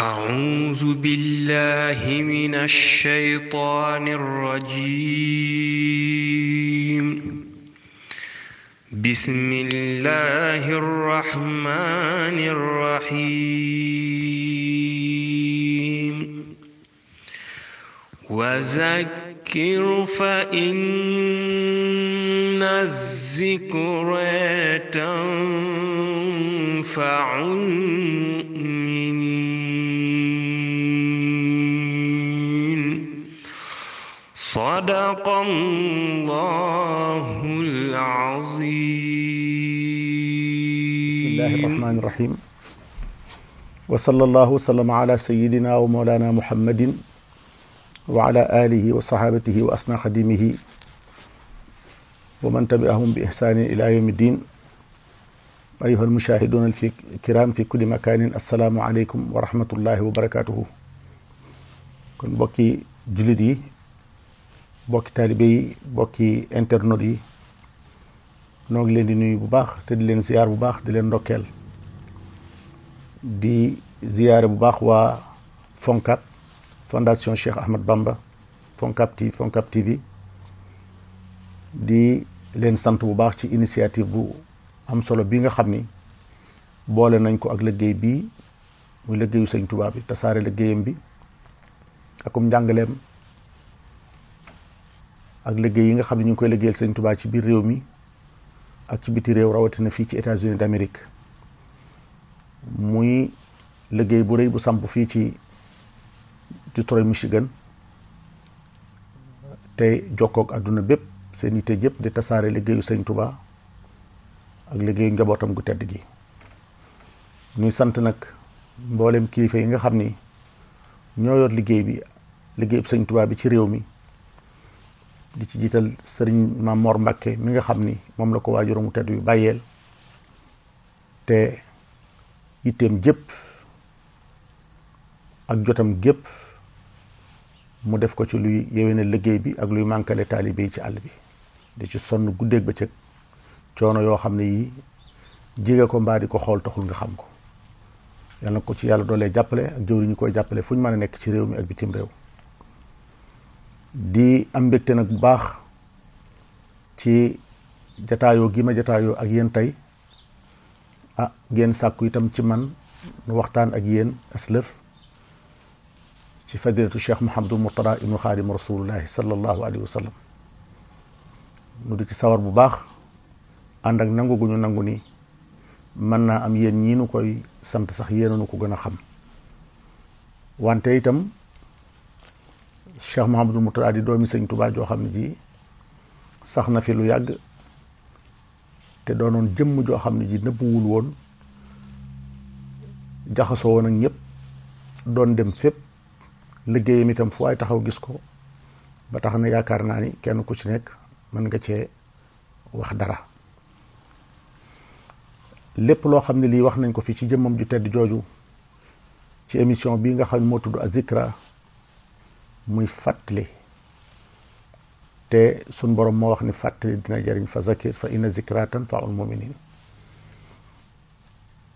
أعوذ بالله من الشيطان الرجيم بسم الله الرحمن الرحيم وذكر فإن الذكر تنفع المؤمنين صدق الله العظيم بسم الله الرحمن الرحيم وصلى الله وسلم على سيدنا ومولانا محمد وعلى آله وصحابته وأسنى خديمه ومن تبعهم بإحسان إلى يوم الدين أيها المشاهدون الكرام في كل مكان السلام عليكم ورحمة الله وبركاته كن بكي جلدي bokki taalibe yi bokki internautes yi noo ngi leen di nuyu bu baax te di leen ziyaar bu baax di leen ndokkeel di ziyaare bu baax waa Foncab fondation Cheikh Ahmad Bamba Foncab TV Foncab TV di leen sant bu baax ci initiative bu am solo bi nga xam ni boole nañ ko ak liggéey bii muy liggéeyu sëñ tubaab yi tasaare liggéeyam bi akum njàngaleem ak liggéey yi nga xam ne ñu ngi koy liggéeyal sëñ Touba ci biir réew mi ak ci biti réew rawatina fii ci États-Unis d'Amérique muy liggéey bu réy bu samp fii ci Detroit Michigan te jokkook àdduna bépp seen yitte yëpp di tasaare liggéeyu sëñ Touba ak liggéeyu njabootam gu tedd gi ñuy sant nag mboolem kilifa yi nga xam ni ñoo yor liggéey bi liggéeyub sëñ Touba bi ci réew mi di ci jital sëriñ Maam Mor Mbakke mi nga xam ni moom la ko waajur mu tedd yu bàyyeel te itteem jëpp ak jotam gépp mu def ko ci luy yewena liggéey bi ak luy mànkale taalibe yi ci àll bi di ci sonn guddee guddeeg bëccëg coono yoo xam ne yii jige ko mbaa di ko xool taxul nga xam ko yal ko ci yàlla doolee jàppale ak jëwriñ ñu koy jàppale fu ñu mën nekk ci réew mi ak bitim réew di am mbégte nag bu baax ci jataayoo gi ma jataayoo ak yéen tey ah ngeen sàkku itam ci man nu waxtaan ak yéen aslëf ci fadilatu cheikh Mouhamadul Mourtada ibnu xaadim rasulullahi sallallahu alayhi wa sallam di ci sawar bu baax ànd ak nangu gu ñu nangu ni mën na am yéen ñii koy sant sax yéen nu ko gën a xam wante itam Cheikh Mouhamadul Mourtada di doomi sëñ Touba joo xam ne ji sax na fi lu yàgg te doonoon jëmm joo xam ne ji nëbbuwul woon jaxasoo woon ak ñëpp doon dem fépp liggéeyam itam fu waay taxaw gis ko ba tax na yaakaar naa ni kenn ku ci nekk mën nga cee wax dara lépp loo xam ne lii wax nañ ko fi ci jëmmam ju tedd jooju ci émission bii nga xam moo tudd Azikra muy fàttali te suñ borom moo wax ni fàttali dina jëriñ fa zakir fa inna zikra tanfaul muminin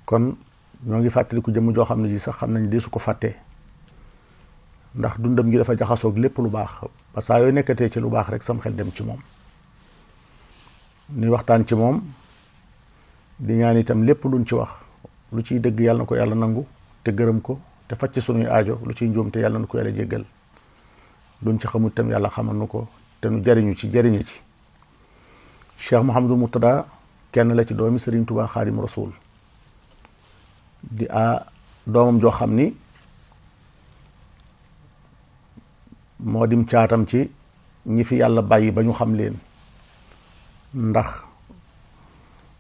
kon ñoo ngi fàttaliku jëmm joo xam ne ji sax xam nañ di su ko fàttee ndax dundam gi dafa jaxasoog lépp lu baax parce que yooyu nekkatee ci lu baax rek sam xel dem ci moom ni waxtaan ci moom di ñaan itam lépp luñ ci wax lu ciy dëgg yàlla ko yàlla nangu te gërëm ko te faj ci sunuy aajo lu ciy njuum te yàlla nu ko yàlla jéggal luñ ci xamul tam yàlla xamal nu ko te nu jariñu ci jariñu ci du Mouhamadou da kenn la ci doomi Serigne Touba Xaadim Rasul di a doomam joo xam ni moo dim caatam ci ñi fi yàlla bàyyi ba ñu xam leen ndax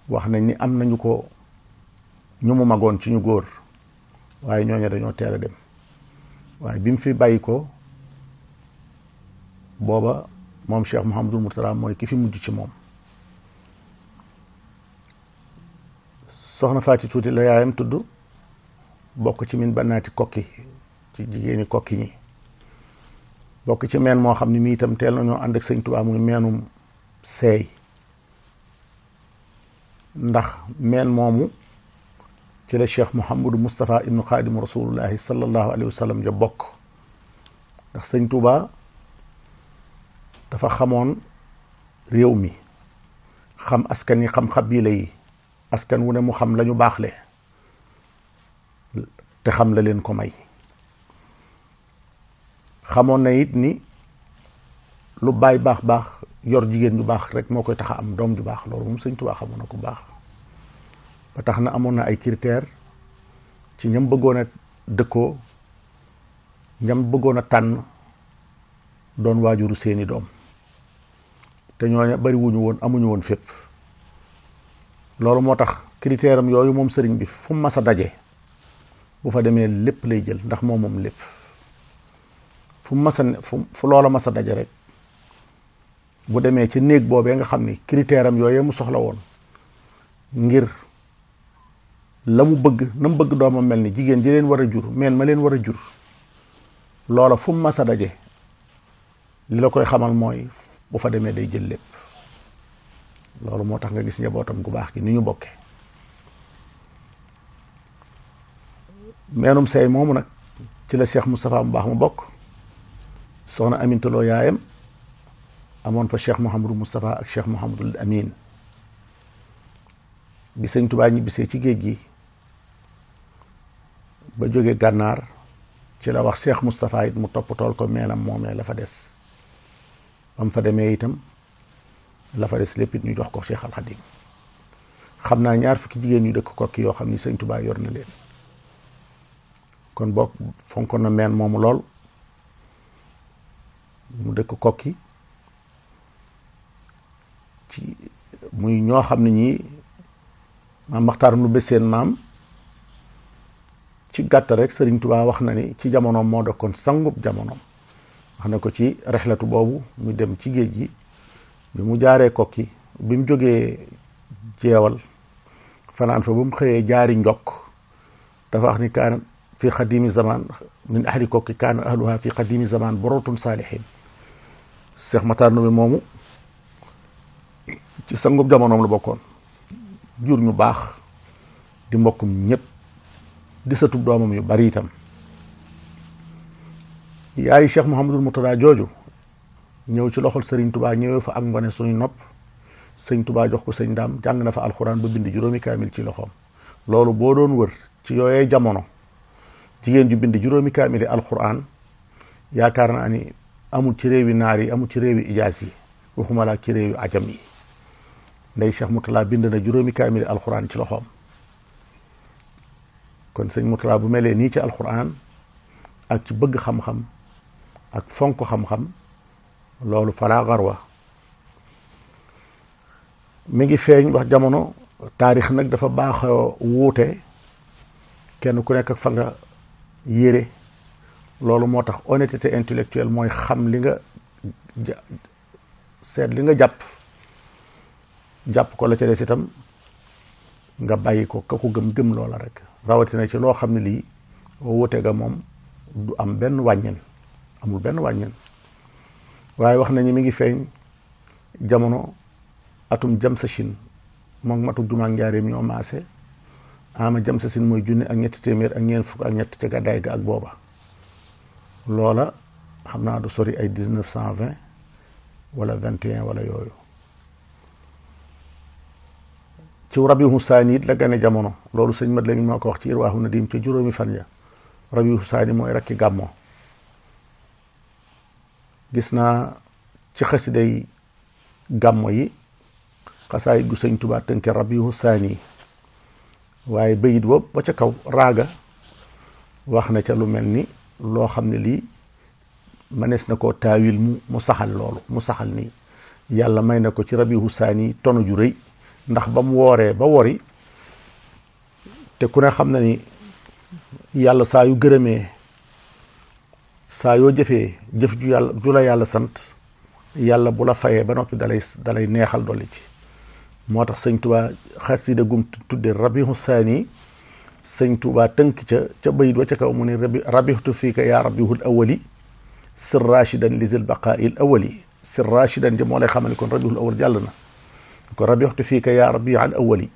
wax nañ ni am nañu ko ñu mu magoon ci ñu góor waaye ñooñu dañoo teel a dem waaye bi mu fi bàyyi ko booba moom Cheikh Mouhamadul Mourtada mooy ki fi mujj ci moom soxna ci Tuuti la yaayam tudd bokk ci min bannaati kokki ci jigéeni kokki ñi bokk ci meen moo xam ne mii itam teel nañoo ànd ak sëñ Tuubaa muy meenum seey ndax meen moomu ci la cheikh Mouhamadou Moustapha ibnu Xaadimu Rasulullahi sallallahu alayhi wa sallam bokk ndax sëñ Tuubaa dafa xamoon réew mi xam askan yi xam xabiila yi askan wu ne mu xam la ñu le te xam la leen ko may xamoon na it ni lu baay baax baax yor jigéen ju baax rek moo koy tax a am doom ju baax loolu moom sëñ Tuubaa xamoon na ko baax ba tax na amoon na ay critères ci ñam bëggoon a dëkkoo ñam bëggoon a tànn doon waajuru seeni doom te ñooñu bari wuñu woon amuñu woon fépp loolu moo tax critère yooyu moom sëriñ bi fu mu mas a daje bu fa demee lépp lay jël ndax moo moom lépp fu mu mas fu loola mas a daje rek bu demee ci néeg boobee nga xam ni critère am yooyu mu soxla woon ngir la mu bëgg na mu bëgg doomam mel ni jigéen ji leen war a jur mel ma leen war a jur loola fu mu a daje li la koy xamal mooy bu fa demee day jël lépp loolu moo tax nga gis njabootam gu baax gi ni ñu bokke meenum sey moomu nag ci la Cheikh Moustapha mu baax mu bokk soo na amintuloo yaayam amoon fa Cheikh Mouhamadou Moustapha ak Cheikh Mouhamadul Amin bi sëñ Tubaa ñi bisee ci géej gi ba jóge gànnaar ci la wax seex Moustapha it mu topp tool ko meenam moomee la fa des bam fa demee itam la fa dess lépp it ñu jox ko cheikh al khadim xamna ñaar fukki jigéen ñu dëkk ko yoo yo ni seigne touba yor na leen kon bok fonko na meen moomu lool mu dëkk ki ci muy ño xamni ñi ñii maam maxtaaram lu bés maam ci gatt rek sëriñ touba wax na ni ci jamono mo dëkkoon sangup jamono wax na ko ci rexlatu boobu mu dem ci géej gi mu jaaree kokki bi mu jógee jeewal fanaan fa ba mu xëyee jaari njokk dafa wax ni kaan fi xadimi zaman min ahli kokki kaan ahluha fi xadimi zaman borotun saalihin Cheikh Matar Ndoumbe moomu ci sangub jamonoom la bokkoon jur ñu baax di mbokkum ñépp di satub doomam yu bari itam yaayu cheikh Mouhamadul Moutada jooju ñëw ci loxol sëriñ Touba ñëwee fa ak ngone suñu nopp sëñ Touba jox ko sëñ daam jàng na fa alxuraan ba bind juróomi kaamil ci loxoom loolu boo doon wër ci yooyee jamono jigéen ju bind juróomi kaamili alxuraan naa ni amul ci réewi naar yi amul ci réewi ijaas yi waxuma ci réewi ajam yi ndey cheikh Moutada bind na alxuraan ci loxoom kon sëñ Moutada bu melee nii ci alxuraan ak ci bëgg xam-xam. ak fonk xam-xam loolu falaa wa mu ngi feeñ wax jamono taarix nag dafa baaxoo wuute kenn ku nekk ak fa nga yére loolu moo tax honnêteté intellectuelle mooy xam li nga seet li nga jàpp jàpp ko la ca itam nga bàyyi ko ka ko gëm-gëm loola rek rawatina ci loo xam ne lii wuute ga moom du am benn wàññin amul benn wàññeen waaye wax nañu mi ngi feeñ jamono atum jam sa Chine moom matu jumaa njaareem ñoo maase ama jam sa Chine mooy junni ak ñetti téeméer ak ñeent fukk ak ñett ca gàddaay ga ak booba loola xam naa du sori ay dix neuf vingt wala vingt un wala yooyu ci rabiu saani it la gane jamono loolu sëñ mat lamin moo ko wax ci irwaahu nadim ca juróomi fan ya rabiu saani mooy rakki gàmmoo gis naa ci xasiday gàmmo yi xasaay gu sëñ Tuubaa tënke rabihu saani waaye bayit boobu ba ca kaw raaga wax na ca lu mel ni loo xam ne lii mënees na ko taawil mu mu saxal loolu mu saxal ni yàlla may na ko ci rabihu saani tonu ju ndax ba mu wooree ba wori te ku ne xam na ni yàlla saa yu gërëme saa yoo jëfee jëf ju yàlla ju yàlla sant yàlla bu la fayee ba noppi dalay dalay neexal dolli ci moo tax sëñ tubaa xasida gum tudde rabihu saani sëñ tubaa tënk ca ca bayit wa ca kaw mu ne rabi rabihtu fiika yaa rabihul awali sir rachidan li zil baqaa'il awali sir rachidan ji moo lay xamal kon rabihul awal jàll na ko rabihtu fiika yaa rabial awali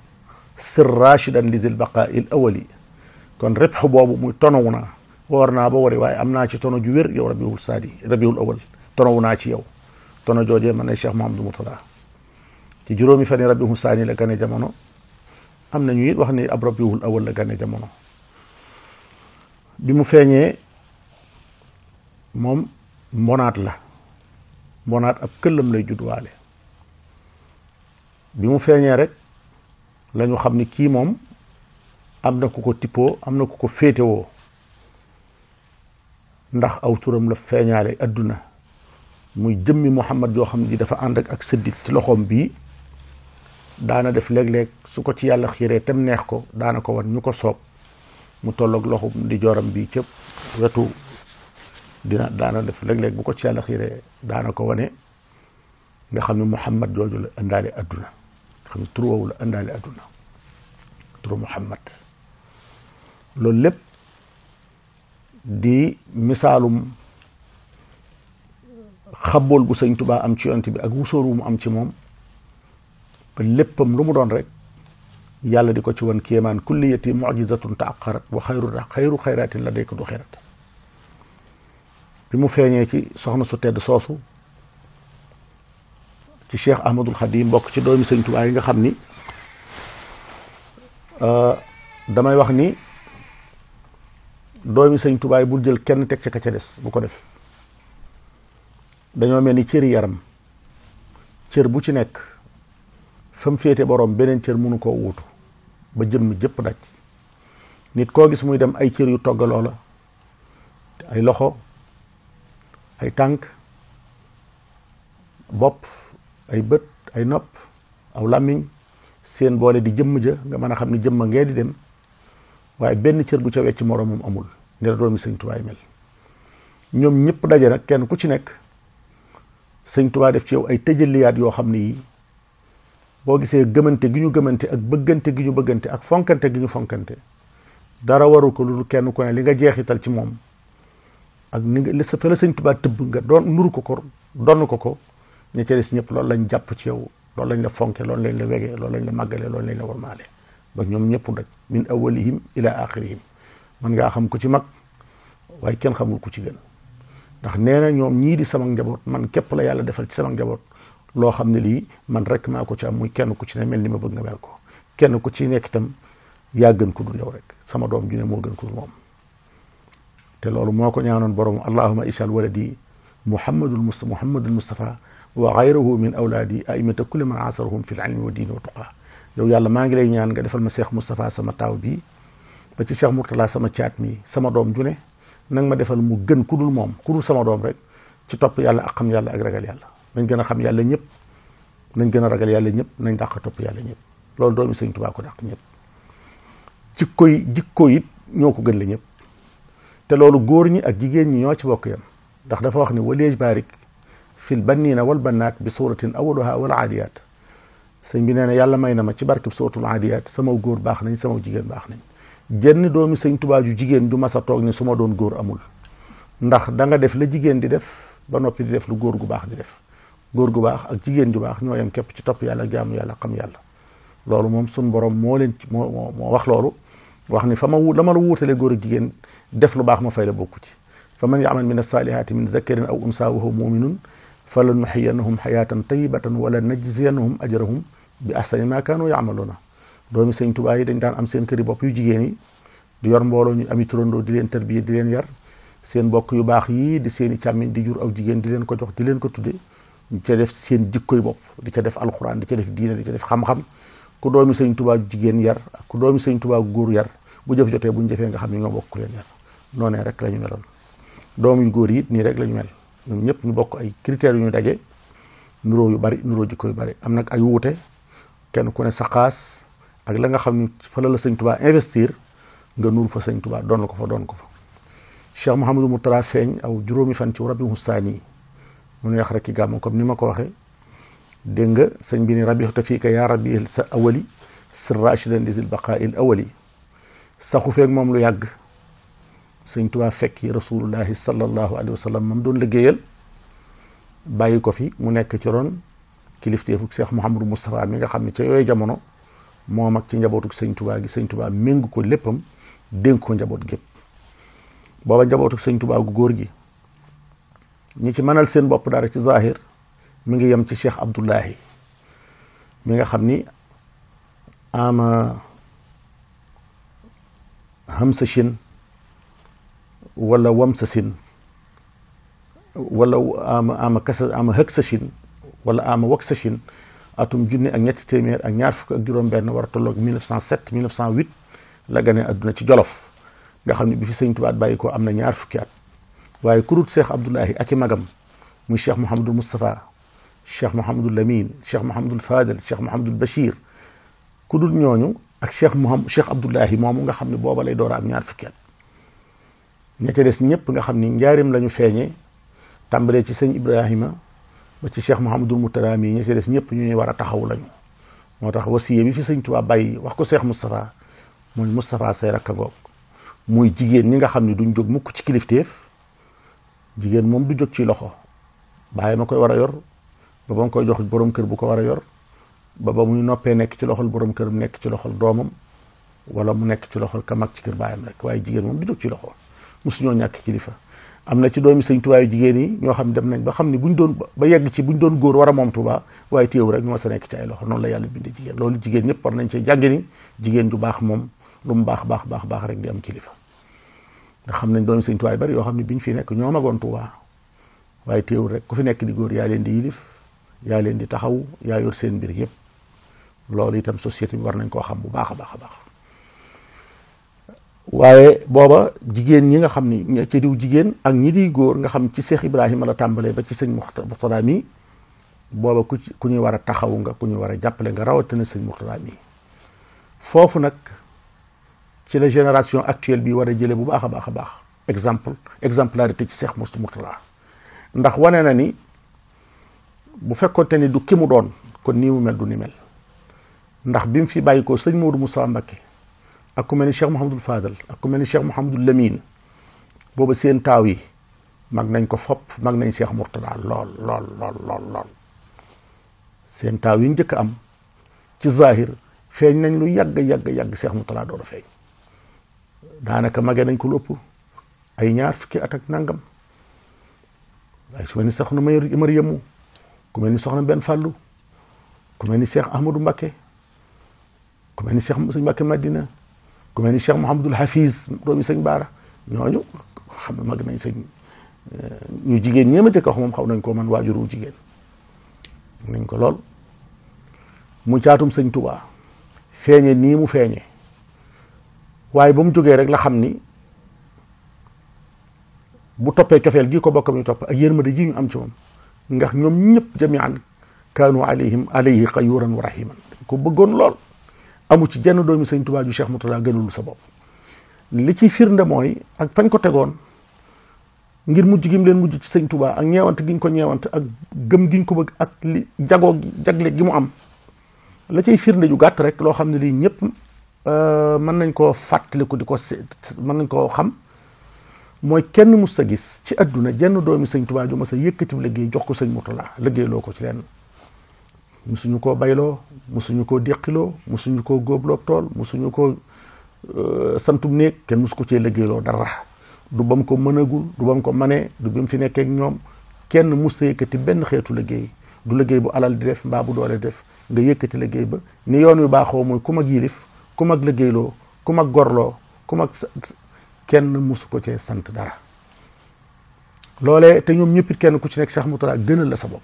sir rachidan li zil baqaa'il awali kon ribx boobu muy tonawu naa woor naa ba wari waaye am naa ci tono ju wér yow rabiul saadi rabiul awal tonowu naa ci yow tono joojee man ne Cheikh Mahamadou Mourtada ci juróomi fan yi rabiul saani la gane jamono am na ñu wax ni ab rabiul awal la gane jamono bi mu feeñee moom mbonaat la mbonaat ab këllam lay judduwaale bi mu feeñee rek la ñu xam ni kii moom am na ku ko tippoo am na ku ko féetewoo ndax aw turam la feeñaale adduna muy jëmmi Muhammad yoo xam di dafa ànd ak séddit ci loxoom bii daana def léeg-léeg su ko ci yàlla xiiree tem neex ko daana ko wan ñu ko soob mu tolloog loxum di jooram bii cëpp wetu dina daana def léeg-léeg bu ko ci yàlla xiiree daana ko wane nga xam ne Muhammad jooju la indaale adduna nga xam ne turu woowu la indaale adduna turu Muhammad loolu lépp di misaalum xabool bu sëñ tubaa am ci yonent bi ak wusóor wu mu am ci moom ba léppam lu mu doon rek yàlla di ko ci wan kéemaan kulliyati mujizatun taaqarat wa xayru la day ko du xirat bi mu xeeñee ci soxna su tedd soosu ci cheikh ahmadul xadim bokk ci doomi sëñ tubaa yi nga xam ni euh, damay wax ni doomi sëñ tubaay bul jël kenn teg ca ka ca des bu ko def dañoo mel ni cëri yaram cër bu ci nekk fa féete boroom beneen cër mënu koo wuutu ba jëmm jëpp daj nit koo gis muy dem ay cër yu toggaloola ay loxo ay tànk bopp ay bët ay nopp aw làmmiñ seen boole di jëmm ja nga mën a xam ni jëmm ngee di dem waaye benn cër bu ca wecc moroomam amul ne la doomi sëñ Tuubaa mel ñoom ñëpp daje nag kenn ku ci nekk sëñ Tuubaa def ci yow ay tëjaliyaat yoo xam ne yi boo gisee gëmante gi ñu gëmante ak bëggante gi ñu bëggante ak fonkante gi ñu fonkante dara waru ko lu kenn ku ne li nga jeexital ci moom ak ni nga fa la sëñ Tuubaa tëbb nga doon nuru ko ko donn ko ko ña ca des ñëpp loolu lañ jàpp ci yow loolu lañ la fonke loolu lañ la wegee loolu lañ la màggale loolu ba ñoom ñëpp daj min awalihim ila axirihim man ngaa xam ku ci mag waaye kenn xamul ku ci gën ndax nee ñoom ñii di sama njaboot man képp la yàlla defal ci sama njaboot loo xam ne lii man rek maa ko ci am muy kenn ku ci ne mel ni ma bëgg nga mel ko kenn ku ci nekk itam yaa gën ko dul yow rek sama doom ju ne moo gën ko dul moom te loolu moo ko ñaanoon borom allahuma isal waladi muhammadul mus muhammadul mustafa wa gayruhu min awlaadi aimata kulli man asarahum fi l ilmi wa diini wa tuqaa yow yàlla maa ngi lay ñaan nga defal ma Cheikh Moustapha sama taaw bi ba ci Cheikh Mourtala sama caat mi sama doom ju ne nang ma defal mu gën ku dul moom ku dul sama doom rek ci topp yàlla ak xam yàlla ak ragal yàlla nañ gën a xam yàlla ñëpp nañ gën a ragal yàlla ñëpp nañ dàq topp yàlla ñëpp loolu doom doomi Sëñ Tuubaa ko dàq ñëpp jikko yi it ñoo ko gën la ñëpp te loolu góor ñi ak jigéen ñi ñoo ci bokk yam ndax dafa wax ni waleej baarik fil bannina wal bannaat bi suratin awaluha wal aadiyaat sëñ bi nee na yàlla may na ma ci barkeb sootul aadiyaat sama góor baax nañ sama jigéen baax nañ jenn doomi sëñ tubaa ju jigéen ju mas a toog ni su ma doon góor amul ndax danga def la jigéen di def ba noppi di def lu góor gu baax di def góor gu baax ak jigéen ju baax ñoo yam képp ci topp yàlla jaamu yàlla xam yàlla loolu moom sun borom moo leen ci moo moo wax loolu wax ni fa ma wu la ma la wuutalee góor ak jigéen def lu baax ma fay la bokku ci fa man yaamal min alsaalihaati min zakarin aw unsa wa huwa muminun fa la nuxiyannahum xayaatan tayibatan wala najziyannahum ajrahum bi ahsani ma kaanu ya'maluna doomi sëñ Tuubaa yi dañ daan am seen këri bopp yu jigéen yi di yor mbooloo ñu ami turandoo di leen tarbiya di leen yar seen bokk yu baax yii di seen i càmmiñ di jur aw jigéen di leen ko jox di leen ko tudde di ca def seen jikkoy bopp di ca def alxuraan di ca def diine di ca def xam-xam ku doomi sëñ Tuubaa jigéen yar ak ku doomi sëñ Tuubaa góor yar bu jëf jotee buñ jëfee nga xam ne ñoo bokk leen yar noonee rek la ñu meloon doom yu góor yi it rek la ñu mel ñoom ñëpp ñu bokk ay critères yu ñu nuroo yu bari nuroo jikko yu bari am nag ay wuute kenn ku ne sa xaas ak la nga xam ni fa la la tubaa investir nga nuur fa sëñ tubaa doon ko fa doon ko fa cheikh mu moutara feeñ aw juróomi fan ci rabi hustaan yi mu ne yax rek ki gàmm comme ni ma ko waxe dégg nga sëñ bi ni rabi te fii ka yaa rabi sa awali sirra feeg moom lu yàgg sëñ tubaa fekki rasulullahi sallallahu alayhi wa sallam doon liggéeyal bàyyi ko fi mu nekk ci ron kilifteefug Cheikh Mouhamadou Moustapha mi nga xam ne ca yooy jamono moom ak ci njabootuk sëñ tubaa gi sëñ tubaa méngu ko léppam dénk ko njaboot gépp booba njabootuk sëñ tubaa gu góor gi ñi ci mënal seen bopp dara ci zahir mi ngi yem ci Cheikh Abdoulahi mi nga xam ni ama hamsa shin wala wamsa sin wala ama ama kasa ama hëg shin ولا أما وكسشين أتوم جنة أنيت تيمير أنيار فك أجرم بين ورطلق 1907 1908 لعنة أدنى تجلف في بفسين تبعت بايكو أمن أنيار فك واي كروت شيخ عبد الله أكي مقام من الشيخ محمد المصطفى الشيخ محمد اللمين الشيخ محمد الفادل الشيخ محمد البشير كل نيونيو اك شيخ محمد شيخ عبد الله مومو nga xamni boba lay door am ñaar fukkel ñete dess ñepp nga xamni ndiarim lañu feñé tambalé ci seigne ibrahima ba ci cheikh Mouhamadul Mourtada yi ñi ci des ñëpp ñu ñuy war a taxaw lañu moo tax wasiye bi fi sëñ Tuubaa bàyyi wax ko cheikh Moustapha mooy Moustapha say rakk ngoog muy jigéen ñi nga xam ne duñ jóg mukk ci kilifteef jigéen moom du jóg ci loxo bàyyi ma koy war a yor ba ba mu koy jox borom kër bu ko war a yor ba ba ñu noppee nekk ci loxol borom kër mu nekk ci loxo doomam wala mu nekk ci loxo kamak mag ci kër baayam rek waaye jigéen moom du jóg ci loxo mosuñoo ñàkk kilifa am na ci doomi sëñ Tuubaa yu jigéen yi ñoo xam dem nañ ba xam ne buñ doon ba yegg ci buñ doon góor war a moom Tuubaa waaye téew rek ñoo sa nekk ci ay loxo noonu la yàlla bindee jigéen loolu jigéen ñëpp war nañ cee jàng ni jigéen ju baax moom lu mu baax baax baax baax rek di am kilifa nga xam nañ doomi sëñ bari yoo xam ne biñ fi nekk ñoo magoon Tuubaa waaye téew rek ku fi nekk di góor yaa leen di yilif yaa leen di taxaw yaa yor seen mbir yëpp loolu itam société bi war nañ koo xam bu baax a baax a baax waaye booba jigéen ñi nga xam ni ca diw jigéen ak ñi di góor nga xam ci Cheikh Ibrahima la tàmbalee ba ci sëñ Muxtada mi booba ku ci ku ñuy war a taxawu nga ku ñuy war a jàppale nga rawatina sëñ Muxtada mi foofu nag ci la génération actuelle bii war a jëlee bu baax a baax a baax exemple exemplarité ci Cheikh Muxtada ndax wane na ni bu fekkoonte ni du ki mu doon kon nii mu mel du ni mel ndax bi mu fi bàyyi ko sëñ mu Moussa Mbacké ak ku mel cheikh mouhamadul fadal ak ku mel ni cheikh mouhamadul lamine booba seen taaw yi mag nañ ko fopp mag nañ cheikh murtada lol lol lol lol lol seen taaw yi njëkk am ci zahir feeñ nañ lu yàgg yàgg yàgg cheikh murtada door a feeñ daanaka mage nañ ko lu ëpp ay ñaar fukki at ak nangam waaye su mel ni soxna mariamu ku mel ni soxna benn fàllu ku mel ni cheikh ahmadou mbakke ku mel ni cheikh sëñ mbakke madina ku mel ni Cheikh Mouhamadul Hafiz doomi sëñ Baara ñooñu xam ne mag nañ sëñ eh, ñu jigéen ñeemate ko moom xaw nañ ko man waajur wu jigéen nañ ko lool mu caatum sëñ Touba feeñe nii mu feeñe waaye bu mu jógee rek la xam ni bu toppee cofeel gii ko bokkam ñu topp ak yërmande ji ñu am ci nga ndax ñoom ñëpp jamian kaanu alayhim alayhi xayuran wa rahiman ko bëggoon lool amu ci jenn doomi sëñ Tuubaa ju Cheikh Mourtada gënalul sa bopp li ci firnde mooy ak fañ ko tegoon ngir mujj gi mu leen mujj ci sëñ Tuubaa ak ñeewante giñ ko ñeewante ak gëm giñ ko bëgg ak li jagoo jagle gi mu am la cay firnde ju gàtt rek loo xam ne lii ñëpp euh, mën nañ koo fàttaliku di ko mën nañ koo xam mooy kenn mus sa gis ci àdduna jenn doomi sëñ Tuubaa ju ma sa yëkkati liggéey jox ko sëñ Mourtada liggéey loo ko ci lenn musuñu koo bayloo musuñu koo déqiloo musuñu koo góobloob tool musuñu koo euh, santum néeg kenn musu ko cee liggéeyloo dara du bam ko mënagul du bam ko manee du bi mu fi nekkee ñoom kenn musta yëkkati benn xeetu liggéey du liggéey bu alal di def mbaa bu doole def nga yëkkati liggéey ba ni yoon yu baaxoo mooy ku mag yilif ku mag liggéeyloo ku mag gorloo ku mag kenn musu ko cee sant dara loolee te ñoom ñëppit kenn ku ci nekk Cheikh Moutalla gënal la sa bopp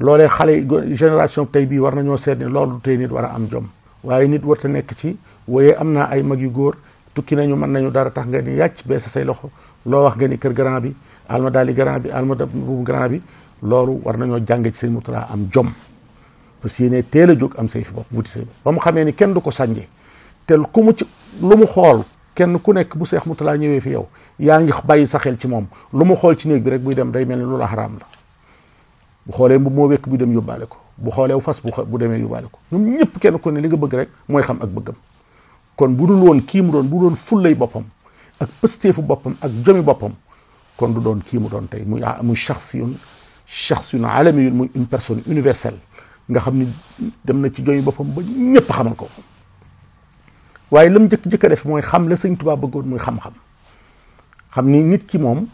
loole xale génération tey bii war nañoo seet ne loolu tey nit war a am jom waaye nit warta nekk ci waaye am na ay mag yu góor tukki nañu mën nañu dara tax nga ni yàcc bees say loxo loo wax nga ni kër grand bi alma daali grand bi alma bubu grand bi loolu war nañoo jàng ci sëñ Murtada am jom parce que yéene a jóg am say fi bopp wuti mu xamee ni kenn du ko sànje te ku mu ci lu mu xool kenn ku nekk bu Seex mu tulaa ñëwee fi yow yaa ngi bàyyi sa xel ci moom lu mu xool ci néeg rek buy dem day mel ni lu la xaraam la bu xoolee mbubb moo wekk bu dem yóbbaale ko bu xoolee fas bu bu demee yóbbaale ko ñoom ñëpp kenn ko ne li nga bëgg rek mooy xam ak bëggam kon bu dul woon kii mu doon bu doon fullay boppam ak pësteefu boppam ak jomi boppam kon du doon kii mu doon tey muy ah, muy shaxsiyun shaxsiyun alamiyun muy une personne universelle nga xam ni dem na ci jomi boppam ba ñëpp xamal ko waaye lam jëkk jëkk a def mooy xam la sëñ Tuubaa bëggoon muy xam-xam xam ni nit ki moom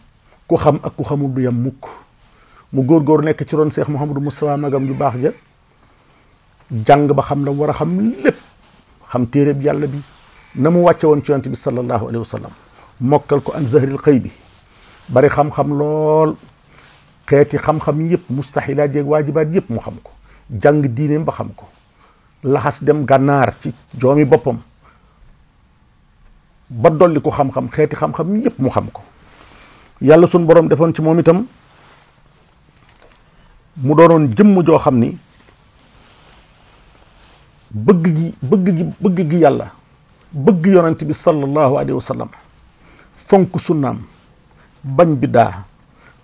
ku xam ak ku xamul du yam mukk mu góorgóor nekk ci ron Cheikh Mouhamadou Moustapha magam ju baax ja jàng ba xam la war a xam lépp xam bi yàlla bi na mu wàcce woon ci yonent bi sallallahu alayhi wa sallam mokkal ko am zahril xëy bi bari xam-xam lool xeeti xam-xam yëpp mustaxilaat yeeg waajibaat yëpp mu xam ko jàng diineem ba xam ko laxas dem gànnaar ci joomi boppam ba dolli ko xam-xam xeeti xam-xam yëpp mu xam ko yàlla sun borom defoon ci moom itam mu doonoon jëmm joo xam ni bëgg gi bëgg gi bëgg gi yàlla bëgg yonent bi sallallahu alayhi wa sallam fonk sunnaam bañ biddaa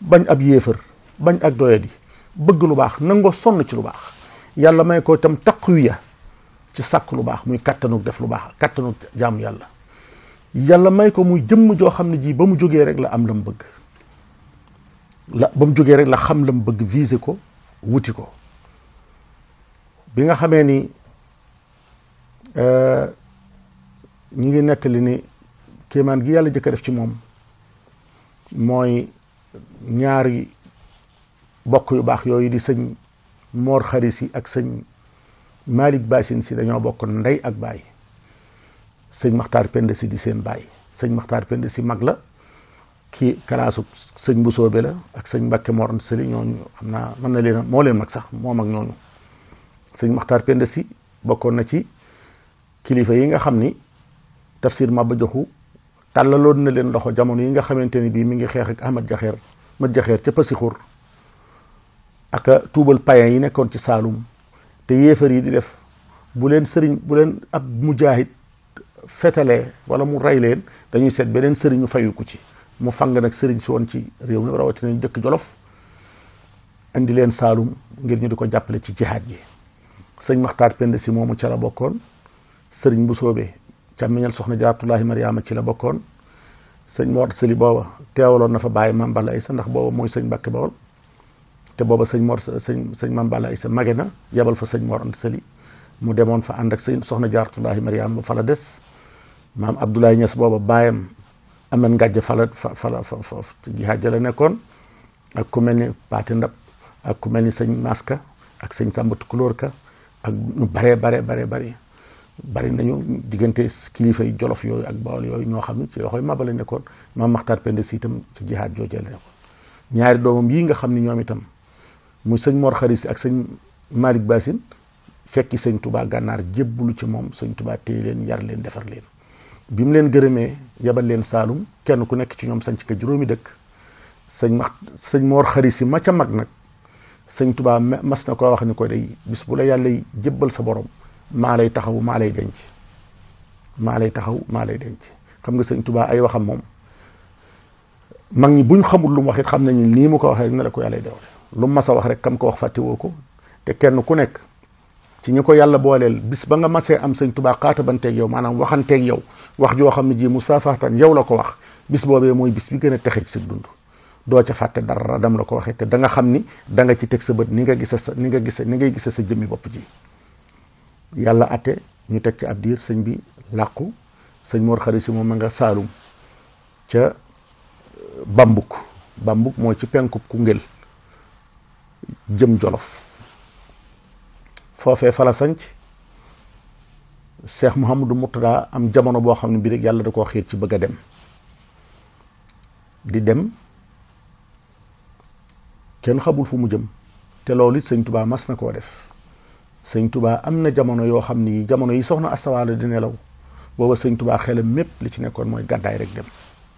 bañ ab yéefër bañ ak doyadi bëgg lu baax nangoo sonn ci lu baax yàlla may ko itam taqwiya ci sàkk lu baax muy kàttanug def lu baax kàttanug jaamu yàlla yàlla may ko muy jëmm joo xam ne jii ba mu jógee rek la am la mu bëgg la ba mu jógee rek la xam la mu bëgg viser ko wuti ko bi nga xamee ni euh, ñu ngi nettali ni kéemaan gi yàlla jëkk a def ci moom mooy ñaari bokk yu baax yooyu di sëñ Mor Xari si ak sëñ Malick Basin si dañoo bokk ndey ak baay sëñ Maxtaar Penda si di seen baay sëñ Maxtaar Penda mag la ci kalaasu sëñ Busoobe la ak sëñ Mbàkke Mor Anta ñooñu xam naa mën na leen moo leen mag sax moo mag ñooñu sëñ Maxtaar Penda Si bokkoon na ci kilifa yi nga xam ni tafsir Maba Jaxu tàllaloon na leen loxo jamono yi nga xamante ni bii mu ngi xeex ak Ahmad Jaxeer mat Jaxeer ca Pasixur ak tuubal payen yi nekkoon ci Saalum te yéefar yi di def bu leen sëriñ bu leen ab mujaahid fetale wala mu rey leen dañuy seet beneen sëriñu fayu ci mu fang nag sëriñ si woon ci réew mi rawatina ñu dëkk Jolof indi leen Saalum ngir ñu di ko jàppale ci jihaad yi sëñ Maxtaar Pend si moomu ca la bokkoon sëriñ bu soobee càmmiñal soxna Jaaratullaahi Mariama ci la bokkoon sëñ Mor Sëli booba teewaloon na fa bàyyi Maam Balla Aysa ndax booba mooy sëñ Mbàkke Bawol te booba sëñ Mor sëñ sëñ Maam Balla Aysa mage na yebal fa sëñ Mor Anta Sëli mu demoon fa ànd ak sëñ soxna Jaaratullaahi Mariama ba fa la des maam Abdoulaye Niass booba baayam amen ngàjj fala fala foofu jihaad ja la nekkoon ak ku mel ni Paate Ndab ak ku mel ni sëñ Maska ak sëñ Samba Tukulóor ka ak ñu bare bare bare bari bari nañu diggante kilifa yi jolof yooyu ak bawol yooyu ñoo xam ne ci loxo yi Maba la nekkoon maam Maxtaar Penda Si itam ci jihaad joojee la nekkoon ñaari doomam yii nga xam ne ñoom itam muy sëñ Mor Xaris ak sëñ Malick Basin fekki sëñ tubaa gànnaar jébbalu ci moom sëñ Touba téye leen yar leen defar bi mu leen gërëmee yabal leen saalum kenn ku nekk ci ñoom sañc ci ka juróomi dëkk sañ ma sëñ moor xari si ma ca mag nag sëñ tubaa mas na koo wax ni ko day bis bu la yàlla jébbal sa borom maa lay taxaw maa lay denc maa lay taxaw maa lay denc xam nga sëñ tubaa ay waxam moom mag ñi ñu xamul lu mu wax it xam nañu nii mu ko waxee rek ne ko yàlla dewal lu mu mas a wax rek kam ko wax fàttewoo ko kenn ku nekk ci ñi ko yàlla booleel bis ba nga masee am sëñ tubaa xaatabanteeg yow maanaam waxanteeg yow wax joo xam ne ji musaafahatan yow la ko wax bis boobee mooy bis bi gën a texej si dund doo ca fàtte dara dam la ko waxee te da nga xam ni da nga ci teg sa bët ni nga gisa sa ni nga gisa ni ngay gisa sa jëmmi bopp ji yàlla atte ñu teg ci ab diir sëñ bi làqu sëñ Mor Xari si moom ma nga saalum ca bambuk bambuk mooy ci penkub Koungheul jëm Jolof foofee fala sañc sanc Cheikh Mouhamadou Mourtada am jamono boo xam ne bii rek yàlla da koo xiir ci bëgg a dem di dem kenn xabul fu mu jëm te loolu it sëñ tubaa mas na koo def sëñ tubaa am na jamono yoo xam ni jamono yi soxna astawaala di nelaw booba sëñ tubaa xelam mépp li ci nekkoon mooy gàddaay rek dem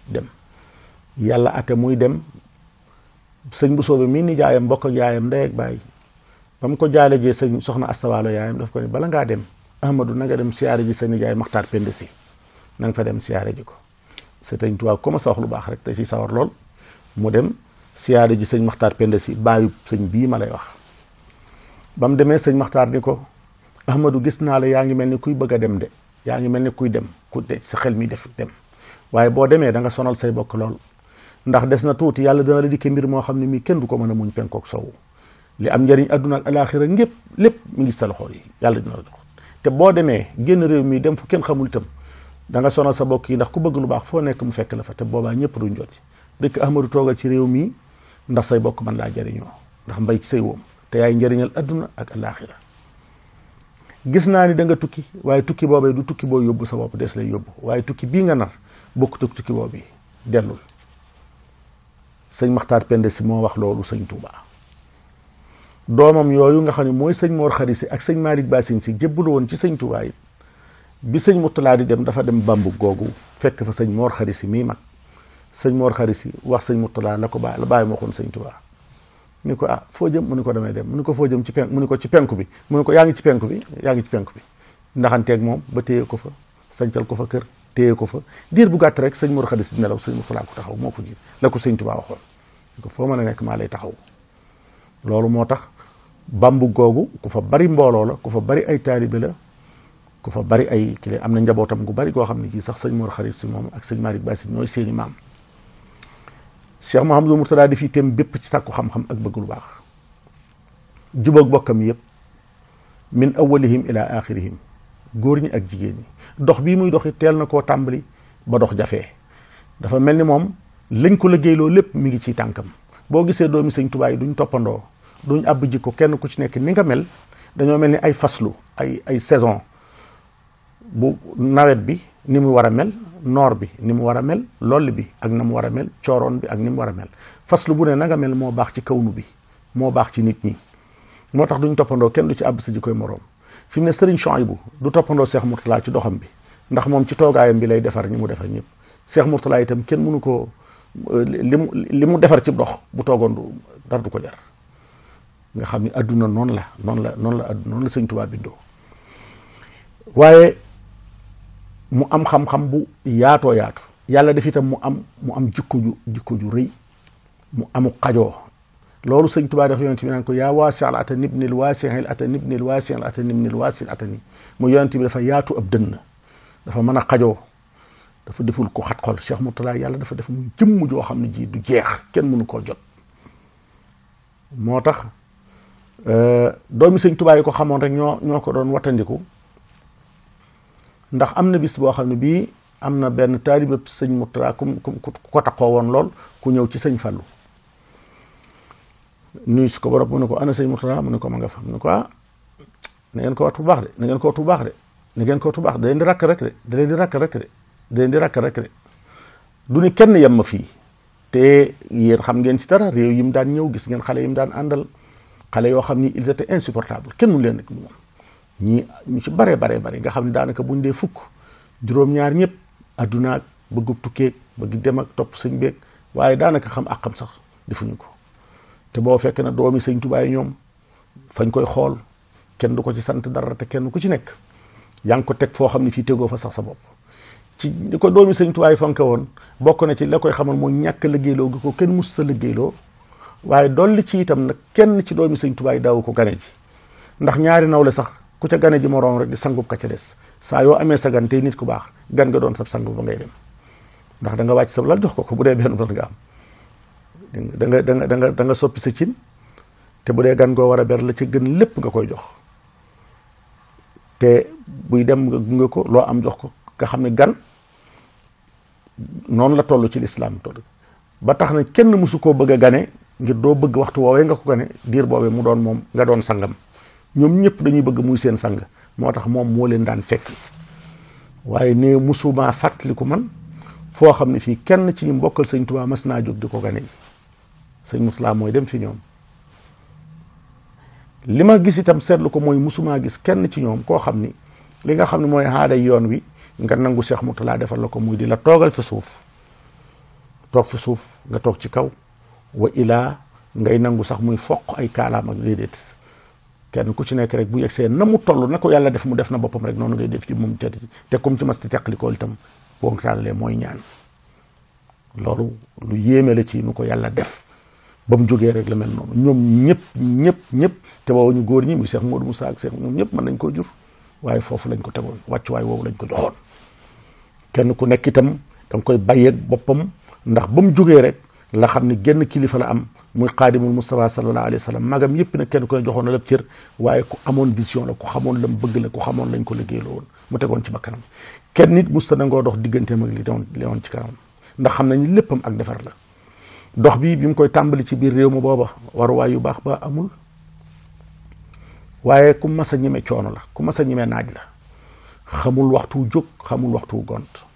dem yàlla ate muy dem sëñ bu soobee mii ni jaayam bokk ak yaayam ndey ak bàyyi ba mu ko jaale jee sëñ soxna astawaalo yaayam daf ko ni ngaa dem ahmadou na nga dem siyaare ji sa nijaay maxtaar pend si na nga dem siyaare ji ko sëriñ Tuubaa ko ma sa lu baax rek te ci sawar lool mu dem siyaare ji sëñ maxtaar pend si bàyyi sëñ bii ma lay wax ba mu demee sëñ maxtaar ni ko ahmadou gis naa la yaa ngi mel ni kuy bëgg dem de yaa ngi mel ni kuy dem ku de sa xel mi def dem waaye boo demee da nga sonal say bokk lool ndax des na tuuti yàlla dana la dikke mbir moo xam ne mii kenn du ko mën a muñ penkook sowu li am njariñ àdduna ak alaxira ngépp lépp mu ngi sa loxo yi yàlla dina la te boo demee génn réew mi dem fu kenn xamul itam danga nga sonal sa bokk yi ndax ku bëgg lu baax foo nekk mu fekk la fa te boobaa ñëpp duñ jot ci dëkk Ahmadou toogal ci réew mi ndax say bokk mën laa jëriñoo ndax mbay ci say woom te yaay njëriñal adduna ak alaxira gis naa ni danga tukki waaye tukki boobee du tukki boo yóbbu sa bopp des lay yóbbu waaye tukki bii nga nar bokkut ak tukki boobu dellul sëñ Maxtaar moo wax loolu sëñ Touba. doomam yooyu nga xam ne mooy sëñ Mor Xari si ak sëñ Malick Bassine si jébbalu woon ci sëñ Touba yi bi sëñ Murtala di dem dafa dem bambu googu fekk fa sëñ Mor Xari si mii mag sëñ Mor Xari si wax sëñ Murtala la ko bàyyi la bàyyi moo xoon sëñ Touba mu ni ko ah foo jëm mu ni ko damay dem mu ni ko foo jëm ci penk mu ni ko ci penku bi mu ni ko yaa ngi ci penku bi yaa ngi ci penku bi ndaxanteeg moom ba téye ko fa sancal ko fa kër téye ko fa diir bu gàtt rek sëñ Mor Xari nelaw sëñ Murtala ko taxaw moo ko jiit la ko sëñ Touba waxoon ko foo mën a nekk maa lay taxaw loolu moo tax bambu googu ku fa bari mbooloo la ku fa bari ay taalibe la ku fa bari ay kile am na njabootam gu bari goo xam ne ci sax sëñ Mor Xarit si moom ak sëñ Malick Bassi ñooy seeni maam Cheikh Mouhamadou Mourtada def itam bépp ci sàkku xam-xam ak bëgg baax jubóog bokkam yëpp min awalihim ila axirihim góor ñi ak jigéen ñi dox bii muy doxi teel na koo tàmbali ba dox jafee dafa mel ni moom lañ ko liggéeyloo lépp mu ngi ciy tànkam boo gisee doomi sëñ Tuubaa yi toppandoo duñ àbb jikko kenn ku ci nekk ni nga mel dañoo mel ni ay faslu ay ay saison bu nawet bi ni mu war a mel noor bi ni mu war a mel loll bi ak na mu war a mel cooroon bi ak ni mu war a mel faslu bu ne na nga mel moo baax ci kawnu bi moo baax ci nit ñi moo tax duñ toppandoo kenn du ci àbb sa jikkoy moroom fi mu ne Serigne Chouaïbou du toppandoo Cheikh Mourtala ci doxam bi ndax moom ci toogaayam bi lay defar ñi mu defar ñëpp Cheikh Mourtala itam kenn mënu ko li mu li mu defar ci dox bu toogoon du ko jar nga xam ni adduna noonu la noonu la noonu la noonu la sëñ Tuubaa bindoo waaye mu am xam-xam bu yaatoo yaatu yàlla def itam mu am mu am jikko ju jikko ju rëy mu amu xajoo loolu sëñ Tuubaa dafa yonent bi naan ko yaa waasial ata nib nil waasiil ata nib nil waasiil ata nib nil waasiil ata ni mu yonent bi dafa yaatu ab dënn dafa mën a xajoo dafa deful ko xat xol Cheikh Mourtala yàlla dafa def mu jëmm joo xam ne ji du jeex kenn mënu koo jot moo tax Euh, doomi sëñ Tuubaa ko xamoon rek ñoo ñoo ko doon wattandiku ndax am na bis boo xam ne bii am na benn taaliba sëñ Murtada ku ko taxoo woon lool ku ñëw ci sëñ Fallu nuyu si ko borom mu ne ko ana sëñ Murtada mu ne ko ma nga fa mu ne ko ah na ngeen ko wattu bu baax de na ngeen ko wattu bu baax de na ngeen ko wattu rakk rek de da di rakk rek di rakk rek kenn yem ma fii te yéen xam ngeen ci dara réew yi mu daan ñëw gis ngeen xale yi mu daan àndal xale yoo xam ni ils étaient insupportables kenn mu leen rek moom ñii ñu ci bare bare bare nga xam ne daanaka buñ dee fukk juróom-ñaar ñëpp adduna ba gub tukkee bëgg dem ak topp sëñ beeg waaye daanaka xam ak xam sax defuñu ko te boo fekk na doomi sëñ tubaay ñoom fañ koy xool kenn du ko ci sant dara te kenn ku ci nekk yaa teg foo xam ne fii tegoo fa sax sa bopp ci di ko doomi sëñ tubaay fonke woon bokk na ci la koy xamal mooy ñàkk liggéeyloo gi ko kenn mus sa liggéeyloo waaye dolli ci itam nag kenn ci doomi sëñ Tuubaa daw ko gane ji ndax ñaari nawle sax ku ca gane ji moroom rek di sangub ka ca des saa yoo amee sa gan tey nit ku baax gan nga doon sab sangu ba ngay dem ndax da nga wàcc sa lal jox ko ko bu dee benn doon nga am da da da nga da nga sa cin te bu dee gan goo war a ber la ca gën lépp nga koy jox te buy dem nga gunge ko loo am jox ko nga xam ne gan noonu la toll ci lislaam toll ba tax na kenn mësu koo bëgg a gane ngir doo bëgg waxtu woowee nga ko gane diir boobee mu doon moom nga doon sangam ñoom ñëpp dañuy bëgg muy seen sang moo tax moom moo leen daan fekk waaye ne musuma fàttaliku man foo xam ne fii kenn ci ñu mbokkal sëñ Tuubaa naa jóg di ko gane sëñ Musulaa mooy dem fi ñoom li ma gis itam seetlu ko mooy musuma gis kenn ci ñoom koo xam ni li nga xam ne mooy aaday yoon wi nga nangu seex Murtala defal la ko muy di la toogal fi suuf toog fi suuf nga toog ci kaw wa ilaa ngay nangu sax muy foq ay kaalaam ak déedéet kenn ku ci nekk rek bu yegsee na mu toll na ko yàlla def mu def na boppam rek noonu ngay def ci moom tedd te comme ci mas di teqlikool itam boo tàllee mooy ñaan loolu lu yéeme la ci nu ko yàlla def ba mu jógee rek la mel noonu ñoom ñëpp ñëpp ñëpp te boobu ñu góor ñi mu muy Cheikh Modou Moussa ak Cheikh ñoom ñëpp mën nañ koo jur waaye foofu lañ ko tegoon waaye woowu lañ ko joxoon kenn ku nekk itam da nga koy bàyyeeg boppam ndax ba mu jógee rek. la xamni genn kilifa la am muy qadimul mustafa sallallahu alayhi wasallam magam yep na kenn ko joxon la ciir waye cër waaye ku amoon vision la ko xamone lam bëgg la ko xamone lañ ko liggéeyloo won mu tegon ci bakkanam kenn nit musta na nangoo dox digganteem ak li don li won ci kanam ndax xamna ni leppam ak defar la dox bi bi mu koy tambali ci biir réew ma booba waruwaay yu bax ba amul waye ku massa a ñeme coono la ku massa a naaj la xamul waxtu juk xamul waxtu gont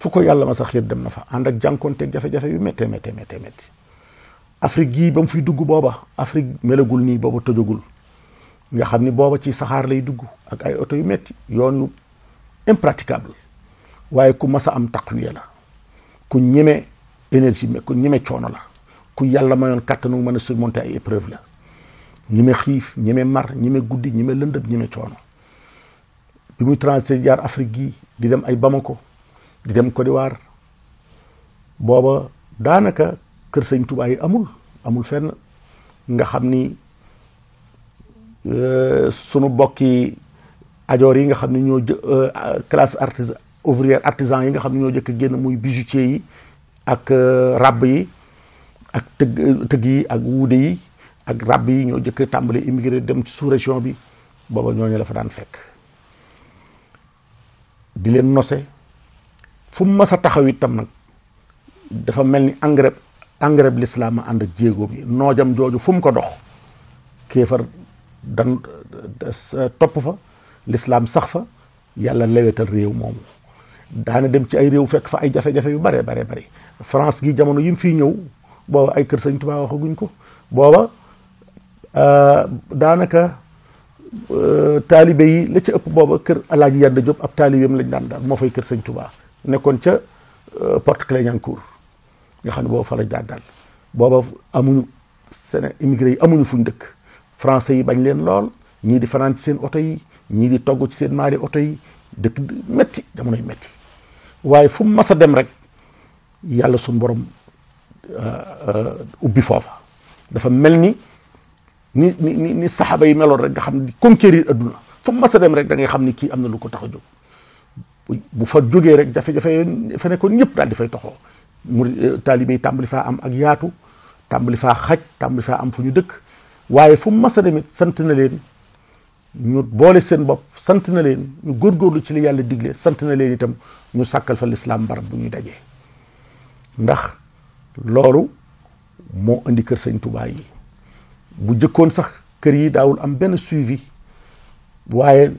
fu ko yàlla ma sa xiir dem na fa ànd ak jànkoonteeg jafe-jafe yu méttee méttee méttee métti Afrique gii ba mu fiy dugg booba Afrique melagul nii booba tëjagul nga xam ni booba ci saxaar lay dugg ak ay oto yu metti yoon yu impraticable waaye ku mas a am taqwiya la ku ñeme énergie ku ñeme coono la ku yàlla mayoon kàttanu mën a surmonter ay épreuve la ñeme xiif ñeme mar ñeme guddi ñeme lëndëm ñeme coono bi muy transiter jaar Afrique gii di dem ay Bamako di dem Côte d'Ivoire booba daanaka kër sëñ Touba yi amul amul fenn nga xam ni euh, sunu bokki ajoor yi nga xam ne ñoo jë euh, classe artisan ouvrière artisan yi nga xam ne ñoo jëkk génn muy bijoutier yi ak euh, rab yi ak tëgg tëgg yi ak wuude yi ak rab yi ñoo jëkk tàmbali immigré dem ci sous région bi booba ñooñu la fa daan fekk di leen nose fu mu mës a taxaw itam nag dafa mel ni engrais engrais lislaam a ànd ak jéego bi noojam jooju fu mu ko dox kéefar dan topp fa lislaam sax fa yàlla lewetal réew moomu daana dem ci ay réew fekk fa ay jafe-jafe yu bare bare bare France gi jamono yi mu fii ñëw booba ay kër Sëñ a waxaguñ ko booba euh, daanaka euh, taalibe yi la ci ëpp booba kër Alaaji Yàdd Jóob ab taalibeem lañ daan daal moo fay kër sañ tubaa nekkoon ca euh, porte Clégnancourt nga xam ne booba fa la daan daal booba amuñu Sénégal immigré yi amuñu fuñ dëkk français yi bañ leen lool ñii di fanaan ci seen oto yi ñii di togg ci seen maari oto yi dëkk métti jamonoy métti waaye fu mu mas dem rek yàlla suñ borom euh, euh, ubbi foofa dafa mel ni ni ni ni saxaaba yi meloon rek nga xam ne di conquérir fu mu mas a dem rek da ngay xam ni kii am na lu ko tax a jóg bu fa jógee rek jafe-jafe fa ko ñëpp daal di fay toxoo mu taalibe yi tàmbali faa am ak yaatu tàmbali faa xaj tàmbali faa am fu ñu dëkk waaye fu mu masa demit sant na leen ñu boole seen bopp sant na leen ñu góorgóorlu ci li yàlla digle sant na leen itam ñu sàkkal fa lislaam barab bu ñuy dajee ndax loolu moo indi kër sëñ Tuubaa yi bu jëkkoon sax kër yi daawul am benn suivi waaye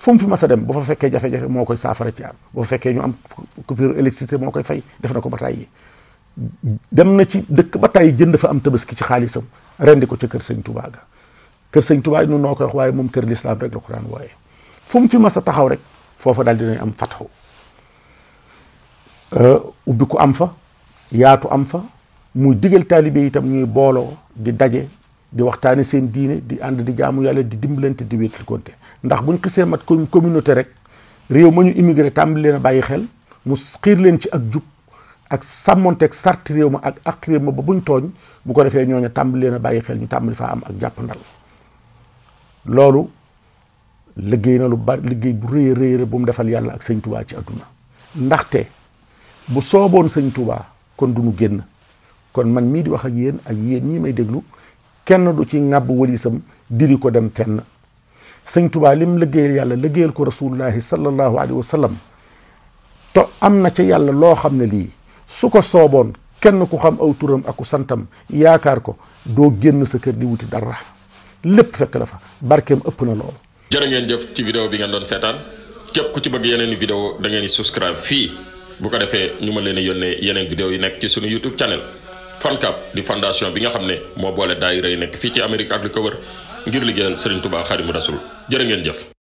fu mu fi mas dem boo fa fekkee jafe-jafe moo koy saafara ci am bu fa fekkee ñu am coupure électricité moo koy fay def na ko ba tàyyi dem na ci dëkk ba tàyyi jënd fa am tabaski ci xaalisam rendi ko ci kër sëñ Touba kër sëñ Touba ñun noo koy waaye moom kër lislaam rek la ko daan wooye fu fi mas a taxaw rek foofa daal dinañ am fa euh, ubbi ko am fa yaatu am fa muy digal taalibe itam ñuy booloo di daje di waxtaane seen diine di ànd di jaamu yàlla di te di wéetal konte ndax buñ xisee mat communauté rek réew ma ñu immigré tàmbali leen a bàyyi xel mu xiir leen ci ak jub ak sàmmonteeg sart réew ma ak ak réew ma ba buñ tooñ bu ko defee ñooñu tàmbali leen a bàyyi xel ñu tàmbali faa am ak jàppandal loolu liggéey na lu bari liggéey bu rëy a bu mu defal yàlla ak sëñ Touba ci adduna ndaxte bu sooboon sëñ Touba kon du génn kon man mii di wax ak yéen ak yéen ñii may déglu kenn du ci ŋàbb walisam diri ko dem fenn sëñ tubaa lim liggéeyal yàlla liggéeyal ko rasulullahi sallallahu alayhi wa sallam to am na ca yàlla loo xam ne lii su ko sooboon kenn ku xam aw turam ak ku santam yaakaar ko doo génn sa kër di wuti dara lépp fekk la fa barkeem ëpp na loolu. jërë ngeen jëf ci vidéo bi ngeen doon seetaan képp ku ci bëgg yeneen i vidéo da subscribe fii bu ko defee ñu ma leen a yónnee yeneen vidéo yi nekk ci suñu YouTube channel. FONCAB di fondation bi nga xam ne moo boole daayira yi nekk fii ci Amérique ak li ko wër ngir liggéeyal Serigne Touba Xaadimu Rasuul jërë ngeen jëf.